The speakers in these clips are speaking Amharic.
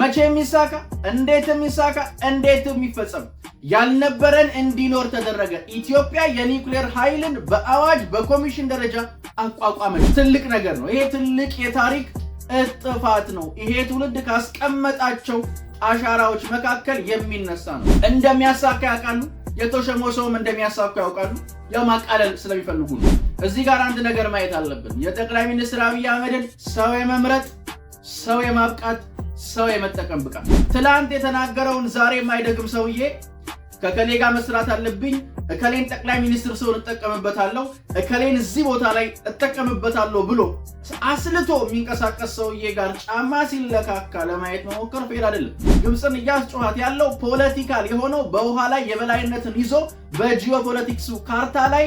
መቼ የሚሳካ እንዴት የሚሳካ እንዴት የሚፈጸም ያልነበረን እንዲኖር ተደረገ። ኢትዮጵያ የኒውክሌር ኃይልን በአዋጅ በኮሚሽን ደረጃ አቋቋመች። ትልቅ ነገር ነው። ይሄ ትልቅ የታሪክ እጥፋት ነው። ይሄ ትውልድ ካስቀመጣቸው አሻራዎች መካከል የሚነሳ ነው። እንደሚያሳካ ያውቃሉ። የተሸሞ ሰውም እንደሚያሳካ ያውቃሉ። ማቃለል ስለሚፈልጉ ነው። እዚህ ጋር አንድ ነገር ማየት አለብን። የጠቅላይ ሚኒስትር አብይ አህመድን ሰው የመምረጥ ሰው የማብቃት ሰው የመጠቀም ብቃት። ትላንት የተናገረውን ዛሬ የማይደግም ሰውዬ ከከሌ ጋር መስራት አለብኝ፣ እከሌን ጠቅላይ ሚኒስትር ሰውን እጠቀምበታለሁ፣ እከሌን እዚህ ቦታ ላይ እጠቀምበታለሁ ብሎ አስልቶ የሚንቀሳቀስ ሰውዬ ጋር ጫማ ሲለካካ ለማየት መሞከር ፌር አይደለም። ግብፅን እያስጨዋት ያለው ፖለቲካል የሆነው በውሃ ላይ የበላይነትን ይዞ በጂኦፖለቲክሱ ካርታ ላይ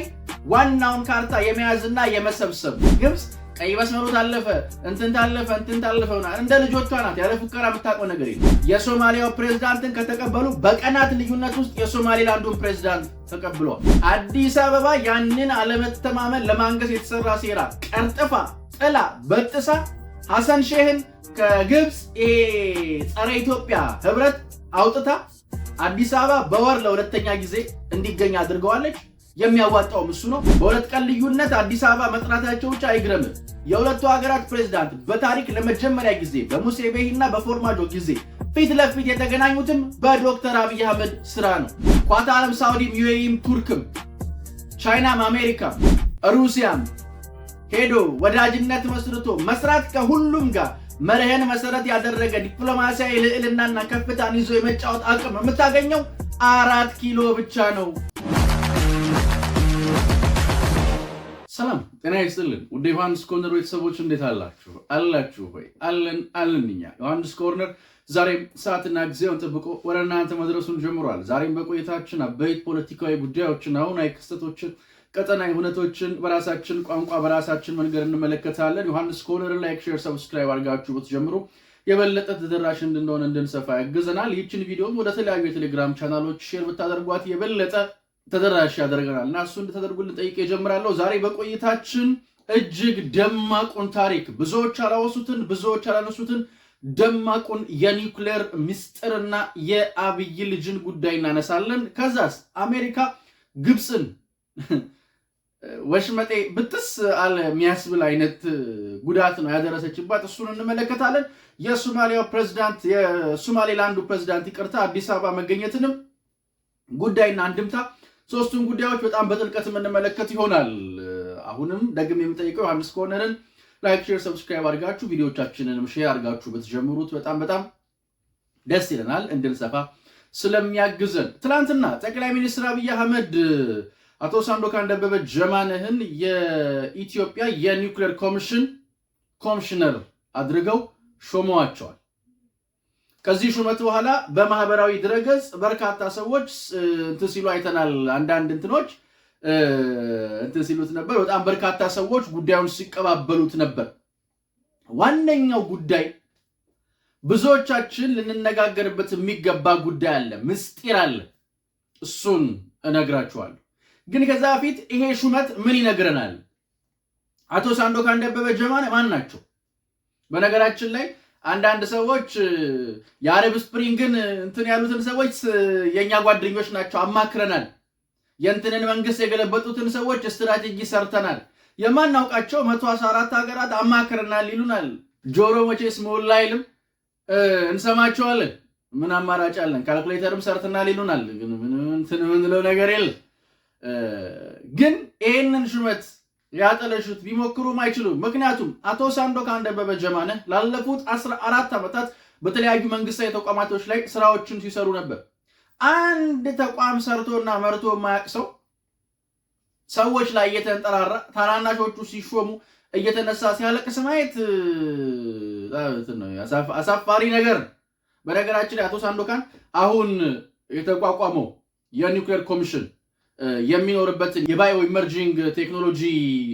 ዋናውን ካርታ የመያዝና የመሰብሰብ ግብፅ ቀይ መስመሩ ታለፈ፣ እንትን ታለፈ፣ እንትን ታለፈ እንደ ልጆቿ ናት። ያለ ፉከራ የምታውቀው ነገር የለም። የሶማሊያው ፕሬዝዳንትን ከተቀበሉ በቀናት ልዩነት ውስጥ የሶማሌላንዱን ፕሬዝዳንት ተቀብሏል። አዲስ አበባ ያንን አለመተማመን ለማንገስ የተሰራ ሴራ ቀርጥፋ ጥላ በጥሳ ሐሰን ሼህን ከግብፅ ይሄ ጸረ ኢትዮጵያ ህብረት አውጥታ አዲስ አበባ በወር ለሁለተኛ ጊዜ እንዲገኝ አድርገዋለች። የሚያዋጣውም እሱ ነው። በሁለት ቀን ልዩነት አዲስ አበባ መጥናታቸው ብቻ አይግረምም። የሁለቱ ሀገራት ፕሬዝዳንት በታሪክ ለመጀመሪያ ጊዜ በሙሴቤሂ ና በፎርማጆ ጊዜ ፊት ለፊት የተገናኙትም በዶክተር አብይ አህመድ ስራ ነው። ኳታርም፣ ሳውዲም፣ ዩኤኢም፣ ቱርክም፣ ቻይናም፣ አሜሪካም፣ ሩሲያም ሄዶ ወዳጅነት መስርቶ መስራት ከሁሉም ጋር መርህን መሰረት ያደረገ ዲፕሎማሲያዊ ልዕልናና ከፍታን ይዞ የመጫወት አቅም የምታገኘው አራት ኪሎ ብቻ ነው። ሰላም ጤና ይስጥልን። ውድ ዮሐንስ ኮርነር ቤተሰቦች እንዴት አላችሁ? አላችሁ ሆይ አለን አለን። እኛ ዮሐንስ ኮርነር ዛሬም ሰዓትና ጊዜውን ጠብቆ ወደ እናንተ መድረሱን ጀምሯል። ዛሬም በቆይታችን አበይት ፖለቲካዊ ጉዳዮችን፣ አሁናዊ ክስተቶችን፣ ቀጠናዊ ሁነቶችን በራሳችን ቋንቋ በራሳችን መንገድ እንመለከታለን። ዮሐንስ ኮርነር ላይክ፣ ሼር፣ ሰብስክራይብ አድርጋችሁ ብትጀምሩ የበለጠ ተደራሽ እንድንሆን እንድንሰፋ ያግዘናል። ይህችን ቪዲዮም ወደ ተለያዩ የቴሌግራም ቻናሎች ሼር ብታደርጓት የበለጠ ተደራሽ ያደርገናል እና እሱ እንድተደርጉልን ጠይቄ እጀምራለሁ። ዛሬ በቆይታችን እጅግ ደማቁን ታሪክ ብዙዎች አላወሱትን ብዙዎች ያላነሱትን ደማቁን የኒውክሌር ምስጢርና የአብይ ልጅን ጉዳይ እናነሳለን። ከዛስ አሜሪካ ግብፅን ወሽመጤ ብትስ አለ የሚያስብል አይነት ጉዳት ነው ያደረሰችባት። እሱን እንመለከታለን። የሶማሊያው ፕሬዚዳንት የሶማሌላንዱ ፕሬዚዳንት ይቅርታ አዲስ አበባ መገኘትንም ጉዳይና አንድምታ ሶስቱን ጉዳዮች በጣም በጥልቀት የምንመለከት ይሆናል። አሁንም ደግም የምጠይቀው ዮሐንስ ኮርነርን ላይክ፣ ሼር፣ ሰብስክራይብ አድርጋችሁ ቪዲዮቻችንንም ሼር አድርጋችሁ ብትጀምሩት በጣም በጣም ደስ ይለናል እንድንሰፋ ስለሚያግዘን። ትናንትና ጠቅላይ ሚኒስትር አብይ አህመድ አቶ ሳንዶካን ደበበ ጀማነህን የኢትዮጵያ የኒውክሌር ኮሚሽን ኮሚሽነር አድርገው ሾመዋቸዋል። ከዚህ ሹመት በኋላ በማህበራዊ ድረገጽ በርካታ ሰዎች እንትን ሲሉ አይተናል። አንዳንድ እንትኖች እንትን ሲሉት ነበር። በጣም በርካታ ሰዎች ጉዳዩን ሲቀባበሉት ነበር። ዋነኛው ጉዳይ ብዙዎቻችን ልንነጋገርበት የሚገባ ጉዳይ አለ፣ ምስጢር አለ። እሱን እነግራችኋለሁ። ግን ከዛ በፊት ይሄ ሹመት ምን ይነግረናል? አቶ ሳንዶካን ደበበ ጀማነ ማን ናቸው? በነገራችን ላይ አንዳንድ ሰዎች የአረብ ስፕሪንግን እንትን ያሉትን ሰዎች የእኛ ጓደኞች ናቸው፣ አማክረናል። የእንትንን መንግስት የገለበጡትን ሰዎች ስትራቴጂ ሰርተናል፣ የማናውቃቸው መቶ አስራ አራት ሀገራት አማክረናል ይሉናል። ጆሮ መቼስ ሞላ አይልም፣ እንሰማቸዋለን። ምን አማራጭ አለን? ካልኩሌተርም ሰርተናል ይሉናል። እንትን ነገር የለ። ግን ይህንን ሹመት ሊያጠለሹት ሊሞክሩም አይችሉም። ምክንያቱም አቶ ሳንዶካን ደበበ ጀማነ ላለፉት አስራ አራት ዓመታት በተለያዩ መንግስታዊ ተቋማቶች ላይ ስራዎችን ሲሰሩ ነበር። አንድ ተቋም ሰርቶና መርቶ የማያውቅ ሰው ሰዎች ላይ እየተንጠራራ ታናናሾቹ ሲሾሙ እየተነሳ ሲያለቅስ ማየት አሳፋሪ ነገር። በነገራችን ላይ አቶ ሳንዶካን አሁን የተቋቋመው የኒውክሌር ኮሚሽን የሚኖርበትን የባዮ ኢመርጂንግ ቴክኖሎጂ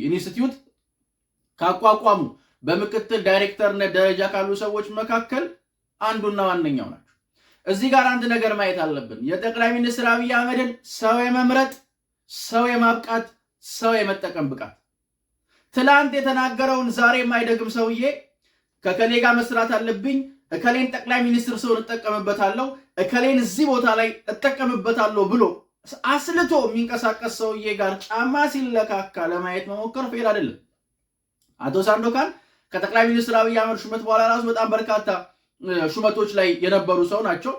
ኢንስቲትዩት ካቋቋሙ በምክትል ዳይሬክተርነት ደረጃ ካሉ ሰዎች መካከል አንዱና ዋነኛው ናቸው። እዚህ ጋር አንድ ነገር ማየት አለብን። የጠቅላይ ሚኒስትር አብይ አህመድን ሰው የመምረጥ ሰው የማብቃት ሰው የመጠቀም ብቃት ትላንት የተናገረውን ዛሬ የማይደግም ሰውዬ ከከሌ ጋር መስራት አለብኝ፣ እከሌን ጠቅላይ ሚኒስትር ሰውን እጠቀምበታለሁ፣ እከሌን እዚህ ቦታ ላይ እጠቀምበታለሁ ብሎ አስልቶ የሚንቀሳቀስ ሰውዬ ጋር ጫማ ሲለካካ ለማየት መሞከር ፌል አይደለም። አቶ ሳንዶካን ከጠቅላይ ሚኒስትር አብይ አህመድ ሹመት በኋላ ራሱ በጣም በርካታ ሹመቶች ላይ የነበሩ ሰው ናቸው።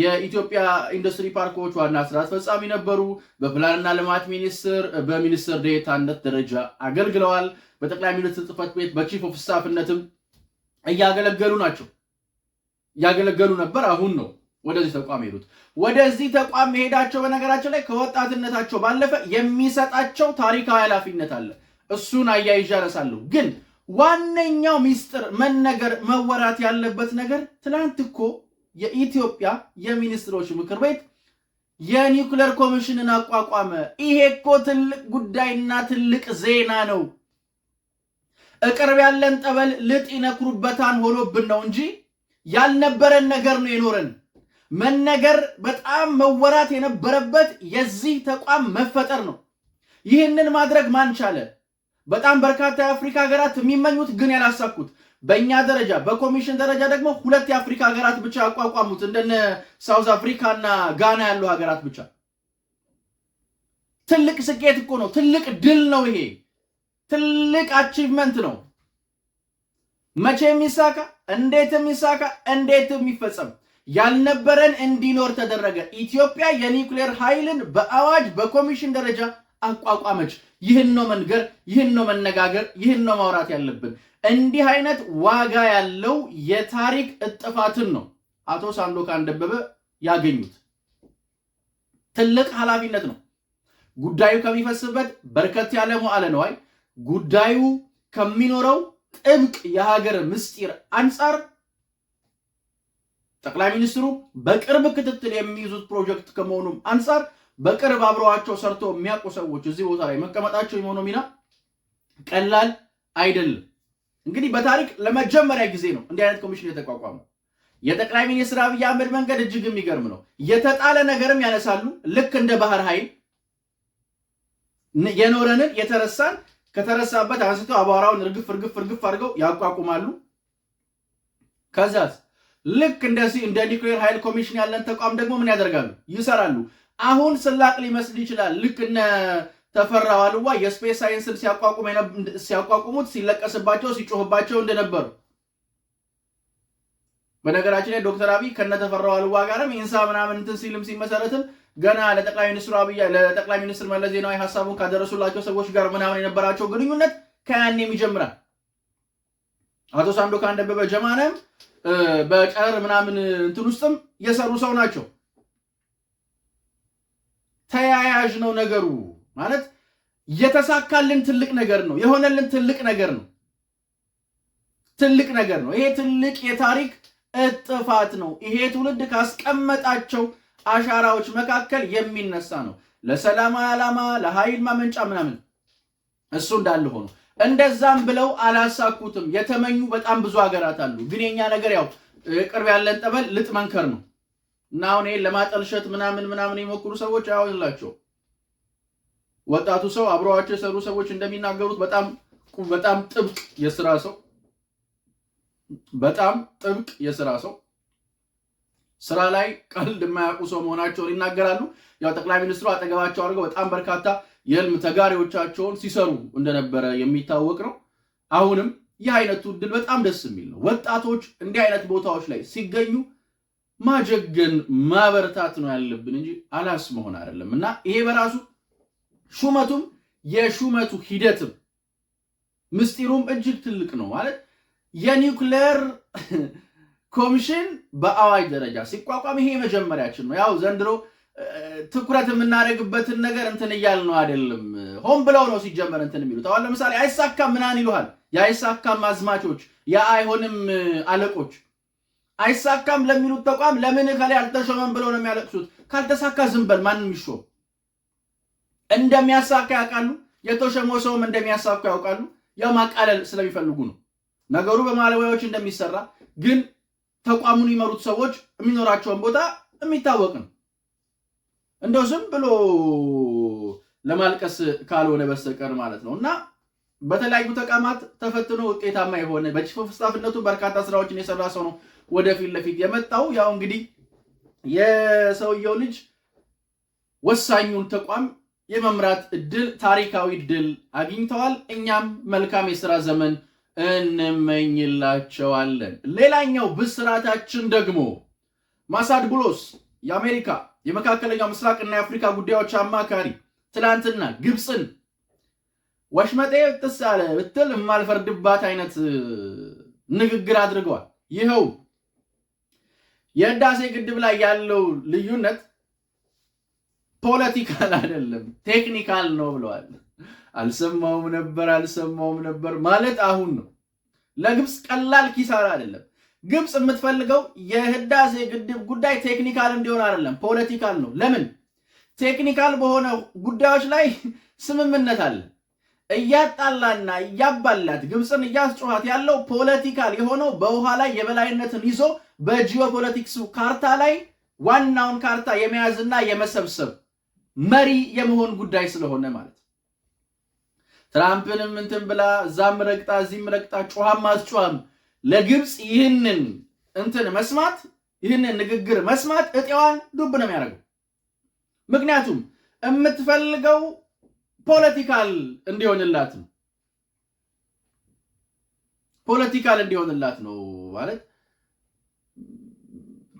የኢትዮጵያ ኢንዱስትሪ ፓርኮች ዋና ስራ አስፈጻሚ ነበሩ። በፕላንና ልማት ሚኒስትር በሚኒስትር ዴታነት ደረጃ አገልግለዋል። በጠቅላይ ሚኒስትር ጽህፈት ቤት በቺፍ ኦፍ ስታፍነትም እያገለገሉ ናቸው፣ እያገለገሉ ነበር። አሁን ነው ወደዚህ ተቋም ሄዱት። ወደዚህ ተቋም መሄዳቸው በነገራቸው ላይ ከወጣትነታቸው ባለፈ የሚሰጣቸው ታሪካዊ ኃላፊነት አለ። እሱን አያይዣ ያነሳለሁ። ግን ዋነኛው ሚስጥር መነገር መወራት ያለበት ነገር ትናንት እኮ የኢትዮጵያ የሚኒስትሮች ምክር ቤት የኒውክለር ኮሚሽንን አቋቋመ። ይሄ እኮ ትልቅ ጉዳይና ትልቅ ዜና ነው። እቅርብ ያለን ጠበል ልጥ ይነክሩበታን ሆኖብን ነው እንጂ ያልነበረን ነገር ነው የኖረን መነገር በጣም መወራት የነበረበት የዚህ ተቋም መፈጠር ነው። ይህንን ማድረግ ማን ቻለ? በጣም በርካታ የአፍሪካ ሀገራት የሚመኙት ግን ያላሳኩት፣ በእኛ ደረጃ በኮሚሽን ደረጃ ደግሞ ሁለት የአፍሪካ ሀገራት ብቻ ያቋቋሙት እንደነ ሳውዝ አፍሪካ እና ጋና ያሉ ሀገራት ብቻ። ትልቅ ስኬት እኮ ነው። ትልቅ ድል ነው። ይሄ ትልቅ አቺቭመንት ነው። መቼ ይሳካ፣ እንዴትም ይሳካ፣ እንዴትም ይፈጸም ያልነበረን እንዲኖር ተደረገ። ኢትዮጵያ የኒውክሌር ኃይልን በአዋጅ በኮሚሽን ደረጃ አቋቋመች። ይህን ነው መንገር፣ ይህን ነው መነጋገር፣ ይህን ነው ማውራት ያለብን። እንዲህ አይነት ዋጋ ያለው የታሪክ እጥፋትን ነው አቶ ሳምዶካን ደበበ ያገኙት። ትልቅ ኃላፊነት ነው። ጉዳዩ ከሚፈስበት በርከት ያለ መዋለ ነዋይ ጉዳዩ ከሚኖረው ጥብቅ የሀገር ምስጢር አንጻር ጠቅላይ ሚኒስትሩ በቅርብ ክትትል የሚይዙት ፕሮጀክት ከመሆኑም አንጻር በቅርብ አብረዋቸው ሰርቶ የሚያውቁ ሰዎች እዚህ ቦታ ላይ መቀመጣቸው የሆነው ሚና ቀላል አይደለም። እንግዲህ በታሪክ ለመጀመሪያ ጊዜ ነው እንዲህ አይነት ኮሚሽን የተቋቋመው። የጠቅላይ ሚኒስትር አብይ አህመድ መንገድ እጅግ የሚገርም ነው። የተጣለ ነገርም ያነሳሉ። ልክ እንደ ባህር ኃይል የኖረንን የተረሳን ከተረሳበት አንስተው አቧራውን እርግፍ እርግፍ እርግፍ አድርገው ያቋቁማሉ። ከዛስ ልክ እንደዚህ እንደ ኒውክሌር ኃይል ኮሚሽን ያለን ተቋም ደግሞ ምን ያደርጋሉ? ይሰራሉ። አሁን ስላቅ ሊመስል ይችላል። ልክ እነ ተፈራ ዋልዋ የስፔስ ሳይንስን ሲያቋቁሙት ሲለቀስባቸው ሲጮህባቸው እንደነበሩ በነገራችን ላይ ዶክተር አብይ ከነ ተፈራ ዋልዋ ጋርም ኢንሳ ምናምን እንትን ሲልም ሲመሰረትም ገና ለጠቅላይ ሚኒስትሩ አብይ ለጠቅላይ ሚኒስትር መለስ ዜናዊ ሀሳቡን ካደረሱላቸው ሰዎች ጋር ምናምን የነበራቸው ግንኙነት ከያኔም ይጀምራል። አቶ ሳንዶካን ደበበ ጀማነም በቀረር ምናምን እንትን ውስጥም የሰሩ ሰው ናቸው። ተያያዥ ነው ነገሩ ማለት የተሳካልን ትልቅ ነገር ነው። የሆነልን ትልቅ ነገር ነው። ትልቅ ነገር ነው። ይሄ ትልቅ የታሪክ እጥፋት ነው። ይሄ ትውልድ ካስቀመጣቸው አሻራዎች መካከል የሚነሳ ነው። ለሰላማዊ ዓላማ፣ ለኃይል ማመንጫ ምናምን እሱ እንዳለ ሆነው እንደዛም ብለው አላሳኩትም። የተመኙ በጣም ብዙ ሀገራት አሉ። ግን የኛ ነገር ያው ቅርብ ያለን ጠበል ልጥ መንከር ነው እና አሁን ይሄን ለማጠልሸት ምናምን ምናምን የሞክሩ ሰዎች አያውላቸው። ወጣቱ ሰው አብረዋቸው የሰሩ ሰዎች እንደሚናገሩት በጣም በጣም ጥብቅ የስራ ሰው በጣም ጥብቅ የስራ ሰው ስራ ላይ ቀልድ የማያውቁ ሰው መሆናቸውን ይናገራሉ። ያው ጠቅላይ ሚኒስትሩ አጠገባቸው አድርገው በጣም በርካታ የህልም ተጋሪዎቻቸውን ሲሰሩ እንደነበረ የሚታወቅ ነው። አሁንም ይህ አይነቱ እድል በጣም ደስ የሚል ነው። ወጣቶች እንዲህ አይነት ቦታዎች ላይ ሲገኙ ማጀገን ማበረታት ነው ያለብን እንጂ አላስ መሆን አይደለም እና ይሄ በራሱ ሹመቱም የሹመቱ ሂደትም ምስጢሩም እጅግ ትልቅ ነው ማለት የኒውክሌር ኮሚሽን በአዋጅ ደረጃ ሲቋቋም ይሄ መጀመሪያችን ነው። ያው ዘንድሮ ትኩረት የምናደርግበትን ነገር እንትን እያል ነው አይደለም። ሆን ብለው ነው ሲጀመር እንትን የሚሉት። አሁን ለምሳሌ አይሳካም ምናን ይሉሃል። የአይሳካም አዝማቾች፣ የአይሆንም አለቆች አይሳካም ለሚሉት ተቋም ለምን ከላይ አልተሾመም ብለው ነው የሚያለቅሱት። ካልተሳካ ዝም በል ማንም ይሾም እንደሚያሳካ ያውቃሉ። የተሾመው ሰውም እንደሚያሳካ ያውቃሉ። ያው ማቃለል ስለሚፈልጉ ነው። ነገሩ በማለሙያዎች እንደሚሰራ ግን ተቋሙን ይመሩት ሰዎች የሚኖራቸውን ቦታ የሚታወቅ ነው። እንደው ዝም ብሎ ለማልቀስ ካልሆነ በስተቀር ማለት ነው እና በተለያዩ ተቋማት ተፈትኖ ውጤታማ የሆነ በቺፍ ስታፍነቱ በርካታ ስራዎችን የሰራ ሰው ነው ወደፊት ለፊት የመጣው። ያው እንግዲህ የሰውየው ልጅ ወሳኙን ተቋም የመምራት እድል ታሪካዊ ድል አግኝተዋል። እኛም መልካም የስራ ዘመን እንመኝላቸዋለን። ሌላኛው ብስራታችን ደግሞ ማሳድ ቡሎስ የአሜሪካ የመካከለኛው ምስራቅና የአፍሪካ ጉዳዮች አማካሪ ትላንትና ግብፅን ወሽመጤ ጥስ አለ ብትል የማልፈርድባት አይነት ንግግር አድርገዋል። ይኸው የህዳሴ ግድብ ላይ ያለው ልዩነት ፖለቲካል አይደለም ቴክኒካል ነው ብለዋል። አልሰማውም ነበር አልሰማውም ነበር ማለት አሁን ነው። ለግብፅ ቀላል ኪሳራ አይደለም። ግብፅ የምትፈልገው የህዳሴ ግድብ ጉዳይ ቴክኒካል እንዲሆን አይደለም፣ ፖለቲካል ነው። ለምን? ቴክኒካል በሆነ ጉዳዮች ላይ ስምምነት አለ። እያጣላና እያባላት ግብፅን እያስጮኋት ያለው ፖለቲካል የሆነው በውሃ ላይ የበላይነትን ይዞ በጂኦፖለቲክሱ ካርታ ላይ ዋናውን ካርታ የመያዝና የመሰብሰብ መሪ የመሆን ጉዳይ ስለሆነ ማለት ትራምፕንም እንትን ብላ እዛም ረግጣ እዚህም ረግጣ ጮሃም አስጮሃም ለግብፅ ይህንን እንትን መስማት ይህንን ንግግር መስማት እጤዋን ዱብ ነው የሚያደርገው። ምክንያቱም የምትፈልገው ፖለቲካል እንዲሆንላት ነው። ፖለቲካል እንዲሆንላት ነው ማለት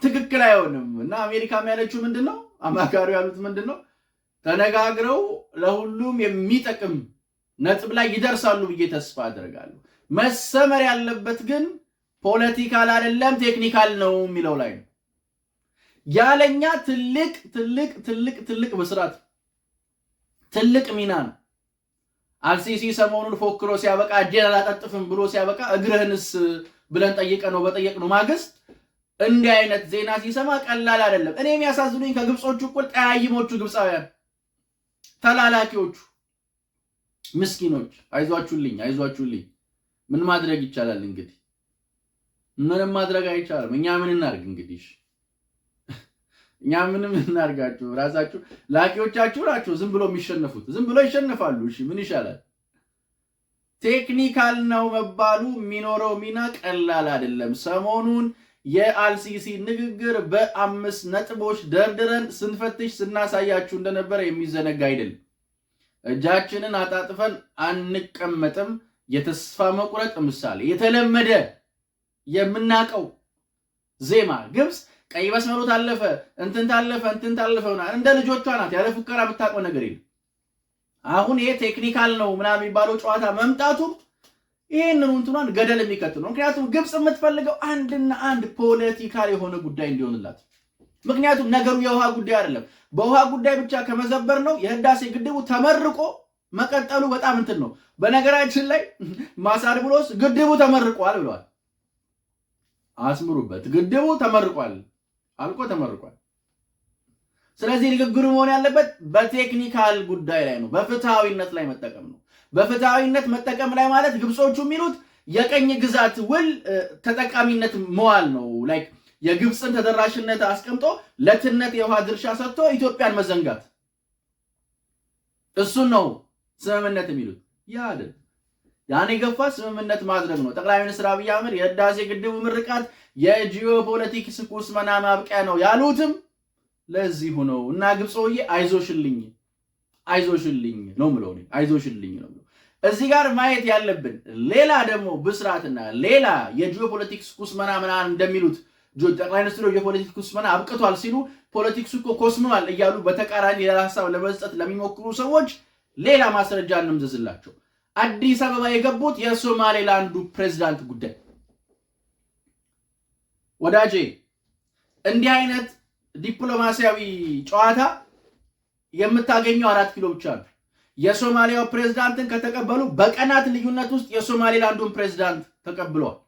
ትክክል አይሆንም። እና አሜሪካም ያለችው ምንድን ነው? አማካሪው ያሉት ምንድን ነው? ተነጋግረው ለሁሉም የሚጠቅም ነጥብ ላይ ይደርሳሉ ብዬ ተስፋ አደርጋለሁ። መሰመር ያለበት ግን ፖለቲካል አይደለም ቴክኒካል ነው የሚለው ላይ ነው። ያለኛ ትልቅ ትልቅ ትልቅ ትልቅ ብስራት ትልቅ ሚና ነው። አልሲሲ ሰሞኑን ፎክሮ ሲያበቃ እጄን አላጠጥፍም ብሎ ሲያበቃ እግርህንስ ብለን ጠይቀ ነው በጠየቅ ነው ማግስት እንዲህ አይነት ዜና ሲሰማ ቀላል አይደለም። እኔ የሚያሳዝኑኝ ከግብጾቹ እኩል ጠያይሞቹ ግብፃውያን ተላላኪዎቹ ምስኪኖች አይዟችሁልኝ አይዟችሁልኝ ምን ማድረግ ይቻላል? እንግዲህ ምንም ማድረግ አይቻልም። እኛ ምን እናርግ እንግዲህ እኛ ምንም እናርጋችሁ። ራሳችሁ ላኪዎቻችሁ ናቸው። ዝም ብሎ የሚሸነፉት ዝም ብሎ ይሸነፋሉ። እሺ ምን ይሻላል? ቴክኒካል ነው መባሉ የሚኖረው ሚና ቀላል አይደለም። ሰሞኑን የአልሲሲ ንግግር በአምስት ነጥቦች ደርድረን ስንፈትሽ ስናሳያችሁ እንደነበረ የሚዘነጋ አይደለም። እጃችንን አጣጥፈን አንቀመጥም። የተስፋ መቁረጥ ምሳሌ የተለመደ የምናቀው ዜማ ግብፅ ቀይ መስመሩ ታለፈ፣ እንትን ታለፈ፣ እንትን ታለፈ እንደ ልጆቿ ናት። ያለ ፉከራ የምታውቀው ነገር የለም። አሁን ይሄ ቴክኒካል ነው ምናምን የሚባለው ጨዋታ መምጣቱ ይህንን እንትኗን ገደል የሚከት ነው። ምክንያቱም ግብፅ የምትፈልገው አንድና አንድ ፖለቲካል የሆነ ጉዳይ እንዲሆንላት። ምክንያቱም ነገሩ የውሃ ጉዳይ አይደለም። በውሃ ጉዳይ ብቻ ከመዘበር ነው የህዳሴ ግድቡ ተመርቆ መቀጠሉ በጣም እንትን ነው። በነገራችን ላይ ብሎስ ግድቡ ተመርቋል ብለዋል። አስምሩበት። ግድቡ ተመርቋል፣ አልቆ ተመርቋል። ስለዚህ ንግግሩ መሆን ያለበት በቴክኒካል ጉዳይ ላይ ነው፣ በፍትሐዊነት ላይ መጠቀም ነው። በፍትሐዊነት መጠቀም ላይ ማለት ግብጾቹ የሚሉት የቀኝ ግዛት ውል ተጠቃሚነት መዋል ነው። ላይክ የግብፅን ተደራሽነት አስቀምጦ ለትነት የውሃ ድርሻ ሰጥቶ ኢትዮጵያን መዘንጋት እሱን ነው ስምምነት የሚሉት ያ አይደል? ያን የገፋ ስምምነት ማድረግ ነው። ጠቅላይ ሚኒስትር አብይ አህመድ የህዳሴ ግድቡ ምርቃት የጂኦ የጂኦፖለቲክስ ቁስመና ማብቂያ ነው ያሉትም ለዚሁ ነው እና ግብጾዬ አይዞሽልኝ አይዞሽልኝ ነው ምለው አይዞሽልኝ ነው እዚህ ጋር ማየት ያለብን ሌላ ደግሞ ብስራትና ሌላ የጂኦ የጂኦፖለቲክስ ኩስመና ምናምን እንደሚሉት ጠቅላይ ሚኒስትሩ የጂኦፖለቲክስ ኩስመና አብቅቷል ሲሉ ፖለቲክሱ እኮ ኮስምኗል እያሉ በተቃራኒ ሌላ ሀሳብ ለመስጠት ለሚሞክሩ ሰዎች ሌላ ማስረጃ እንምዘዝላቸው። አዲስ አበባ የገቡት የሶማሌላንዱ ፕሬዚዳንት ጉዳይ ወዳጄ፣ እንዲህ አይነት ዲፕሎማሲያዊ ጨዋታ የምታገኘው አራት ኪሎ ብቻ ነው። የሶማሊያው ፕሬዝዳንትን ከተቀበሉ በቀናት ልዩነት ውስጥ የሶማሌላንዱን ፕሬዝዳንት ተቀብለዋል።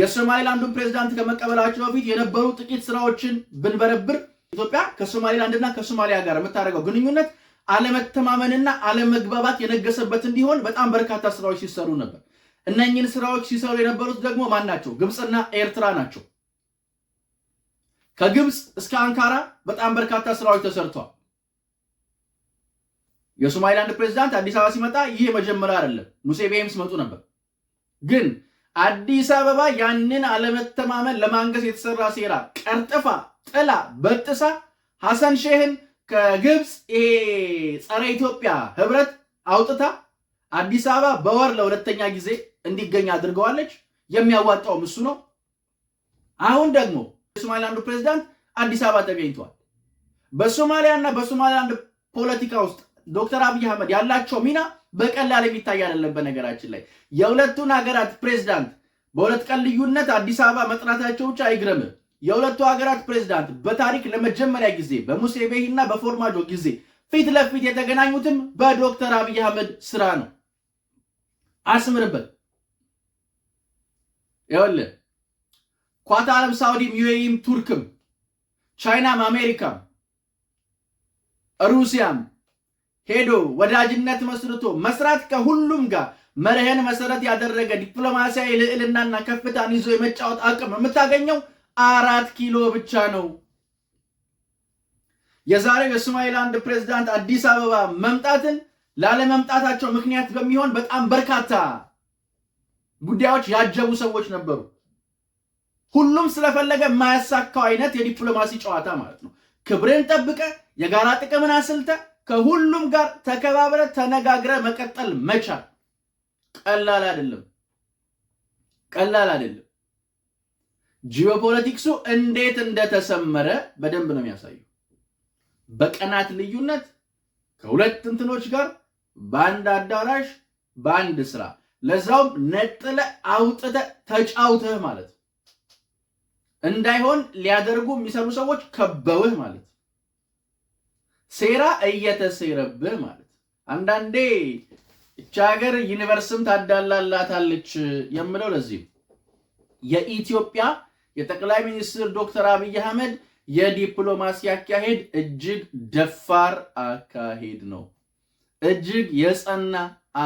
የሶማሌላንዱን ፕሬዝዳንት ከመቀበላቸው በፊት የነበሩ ጥቂት ስራዎችን ብንበረብር ኢትዮጵያ ከሶማሌላንድና ከሶማሊያ ጋር የምታደርገው ግንኙነት አለመተማመንና አለመግባባት የነገሰበት እንዲሆን በጣም በርካታ ስራዎች ሲሰሩ ነበር። እነኝን ስራዎች ሲሰሩ የነበሩት ደግሞ ማን ናቸው? ግብፅና ኤርትራ ናቸው። ከግብፅ እስከ አንካራ በጣም በርካታ ስራዎች ተሰርተዋል። የሶማሊላንድ ፕሬዚዳንት አዲስ አበባ ሲመጣ ይህ መጀመሪያ አይደለም። ሙሴ ቤም ሲመጡ ነበር። ግን አዲስ አበባ ያንን አለመተማመን ለማንገስ የተሰራ ሴራ ቀርጥፋ ጥላ በጥሳ ሐሰን ሼህን ከግብፅ ይሄ ጸረ ኢትዮጵያ ህብረት አውጥታ አዲስ አበባ በወር ለሁለተኛ ጊዜ እንዲገኝ አድርገዋለች። የሚያዋጣውም እሱ ነው። አሁን ደግሞ የሶማሊላንዱ ፕሬዚዳንት አዲስ አበባ ተገኝቷል። በሶማሊያና በሶማሊላንድ ፖለቲካ ውስጥ ዶክተር አብይ አህመድ ያላቸው ሚና በቀላል የሚታይ አይደለም። በነገራችን ላይ የሁለቱን ሀገራት ፕሬዚዳንት በሁለት ቀን ልዩነት አዲስ አበባ መጥናታቸው ብቻ አይግረምም። የሁለቱ ሀገራት ፕሬዝዳንት በታሪክ ለመጀመሪያ ጊዜ በሙሴ ቤሂ እና በፎርማጆ ጊዜ ፊት ለፊት የተገናኙትም በዶክተር አብይ አህመድ ስራ ነው። አስምርበት። ይኸውልህ ኳታርም፣ ሳውዲም፣ ዩኤኢም፣ ቱርክም፣ ቻይናም፣ አሜሪካም፣ ሩሲያም ሄዶ ወዳጅነት መስርቶ መስራት ከሁሉም ጋር መርህን መሰረት ያደረገ ዲፕሎማሲያዊ ልዕልናና ከፍታን ይዞ የመጫወት አቅም የምታገኘው አራት ኪሎ ብቻ ነው። የዛሬው የሶማሊላንድ ፕሬዝዳንት አዲስ አበባ መምጣትን ላለመምጣታቸው ምክንያት በሚሆን በጣም በርካታ ጉዳዮች ያጀቡ ሰዎች ነበሩ። ሁሉም ስለፈለገ የማያሳካው አይነት የዲፕሎማሲ ጨዋታ ማለት ነው። ክብርን ጠብቀ የጋራ ጥቅምን አስልተ ከሁሉም ጋር ተከባብረ ተነጋግረ መቀጠል መቻል ቀላል አይደለም፣ ቀላል አይደለም። ጂኦፖለቲክሱ እንዴት እንደተሰመረ በደንብ ነው የሚያሳዩ። በቀናት ልዩነት ከሁለት እንትኖች ጋር በአንድ አዳራሽ በአንድ ስራ ለዛውም ነጥለ አውጥተ ተጫውተህ ማለት እንዳይሆን ሊያደርጉ የሚሰሩ ሰዎች ከበውህ ማለት ሴራ እየተሴረብህ ማለት አንዳንዴ እቺ ሀገር ዩኒቨርስም ታዳላላታለች የምለው ለዚህ የኢትዮጵያ የጠቅላይ ሚኒስትር ዶክተር አብይ አህመድ የዲፕሎማሲ አካሄድ እጅግ ደፋር አካሄድ ነው። እጅግ የጸና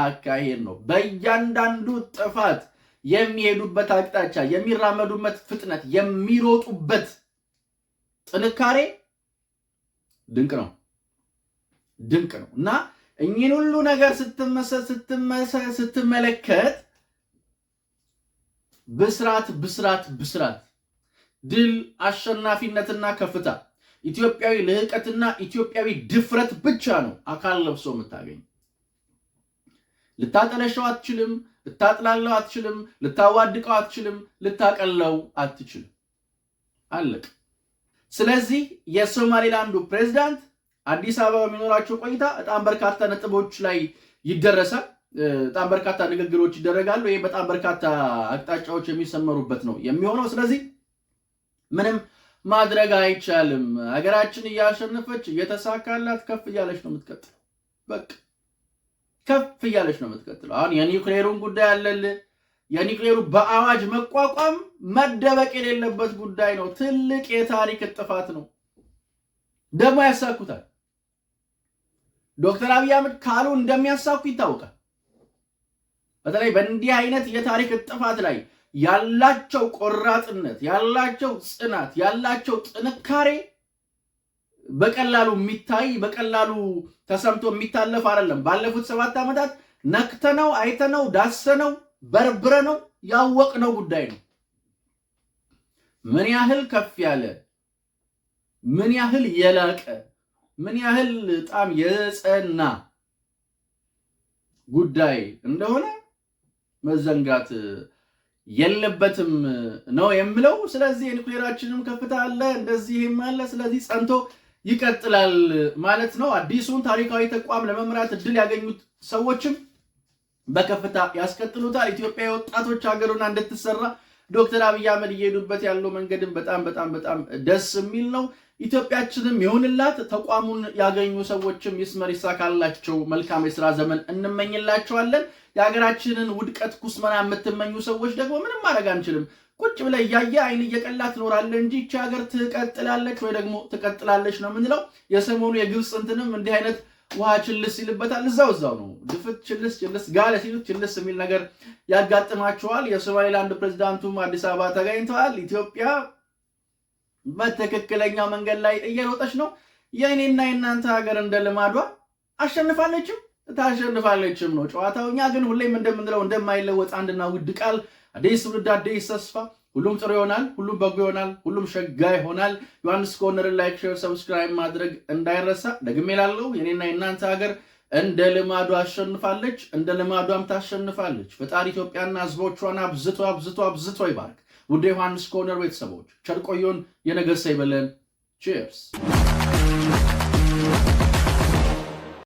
አካሄድ ነው። በእያንዳንዱ ጥፋት የሚሄዱበት አቅጣጫ፣ የሚራመዱበት ፍጥነት፣ የሚሮጡበት ጥንካሬ ድንቅ ነው ድንቅ ነው እና እኚህን ሁሉ ነገር ስትመሰ ስትመሰ ስትመለከት ብስራት ብስራት ብስራት ድል፣ አሸናፊነትና ከፍታ፣ ኢትዮጵያዊ ልህቀትና ኢትዮጵያዊ ድፍረት ብቻ ነው አካል ለብሶ የምታገኝ። ልታጠለሸው አትችልም። ልታጥላለው አትችልም። ልታዋድቀው አትችልም። ልታቀለው አትችልም። አለቅ። ስለዚህ የሶማሌላንዱ ፕሬዚዳንት አዲስ አበባ በሚኖራቸው ቆይታ በጣም በርካታ ነጥቦች ላይ ይደረሳል። በጣም በርካታ ንግግሮች ይደረጋሉ። ይህ በጣም በርካታ አቅጣጫዎች የሚሰመሩበት ነው የሚሆነው። ስለዚህ ምንም ማድረግ አይቻልም። ሀገራችን እያሸነፈች እየተሳካላት ከፍ እያለች ነው የምትቀጥለው። በቃ ከፍ እያለች ነው የምትቀጥለው። አሁን የኒውክሌሩን ጉዳይ አለል። የኒውክሌሩ በአዋጅ መቋቋም መደበቅ የሌለበት ጉዳይ ነው። ትልቅ የታሪክ እጥፋት ነው። ደግሞ ያሳኩታል። ዶክተር አብይ አህመድ ካሉ እንደሚያሳኩ ይታወቃል። በተለይ በእንዲህ አይነት የታሪክ እጥፋት ላይ ያላቸው ቆራጥነት፣ ያላቸው ጽናት፣ ያላቸው ጥንካሬ በቀላሉ የሚታይ በቀላሉ ተሰምቶ የሚታለፍ አይደለም። ባለፉት ሰባት ዓመታት ነክተነው አይተነው ዳሰነው በርብረነው ያወቅነው ጉዳይ ነው። ምን ያህል ከፍ ያለ ምን ያህል የላቀ ምን ያህል በጣም የጸና ጉዳይ እንደሆነ መዘንጋት የለበትም ነው የምለው። ስለዚህ የኒውክሌራችንም ከፍታ አለ፣ እንደዚህም አለ። ስለዚህ ጸንቶ ይቀጥላል ማለት ነው። አዲሱን ታሪካዊ ተቋም ለመምራት እድል ያገኙት ሰዎችም በከፍታ ያስቀጥሉታል። ኢትዮጵያ የወጣቶች ሀገሩና እንድትሰራ ዶክተር አብይ አህመድ እየሄዱበት ያለው መንገድም በጣም በጣም በጣም ደስ የሚል ነው። ኢትዮጵያችንም ይሁንላት። ተቋሙን ያገኙ ሰዎችም ይስመር ይሳካላቸው። መልካም የስራ ዘመን እንመኝላቸዋለን። የሀገራችንን ውድቀት ኩስመና የምትመኙ ሰዎች ደግሞ ምንም ማድረግ አንችልም። ቁጭ ብለ እያየ አይን እየቀላ ትኖራለ እንጂ ይቺ ሀገር ትቀጥላለች ወይ ደግሞ ትቀጥላለች ነው የምንለው። የሰሞኑ የግብፅ እንትንም እንዲህ አይነት ውሃ ችልስ ይልበታል። እዛው እዛው ነው ድፍት ችልስ ችልስ ጋለ ሲሉት ችልስ የሚል ነገር ያጋጥማቸዋል። የሶማሌላንድ ፕሬዚዳንቱም አዲስ አበባ ተገኝተዋል። ኢትዮጵያ በትክክለኛው መንገድ ላይ እየሮጠች ነው። የእኔና የእናንተ ሀገር እንደ ልማዷ አሸንፋለችም ታሸንፋለችም ነው ጨዋታው። እኛ ግን ሁሌም እንደምንለው እንደማይለወጥ አንድና ውድ ቃል አዲስ ትውልድ አዲስ ተስፋ። ሁሉም ጥሩ ይሆናል፣ ሁሉም በጎ ይሆናል፣ ሁሉም ሸጋ ይሆናል። ዮሐንስ ኮርነር ላይክ፣ ሼር፣ ሰብስክራይብ ማድረግ እንዳይረሳ። ደግሜ ላለው የኔና የእናንተ ሀገር እንደ ልማዷ አሸንፋለች፣ እንደ ልማዷም ታሸንፋለች። ፈጣሪ ኢትዮጵያና ሕዝቦቿን አብዝቶ አብዝቶ አብዝቶ ይባርክ። ውድ ዮሐንስ ኮርነር ቤተሰቦች ቸር ቆዩን። የነገ ሰው ይበለን። ቺርስ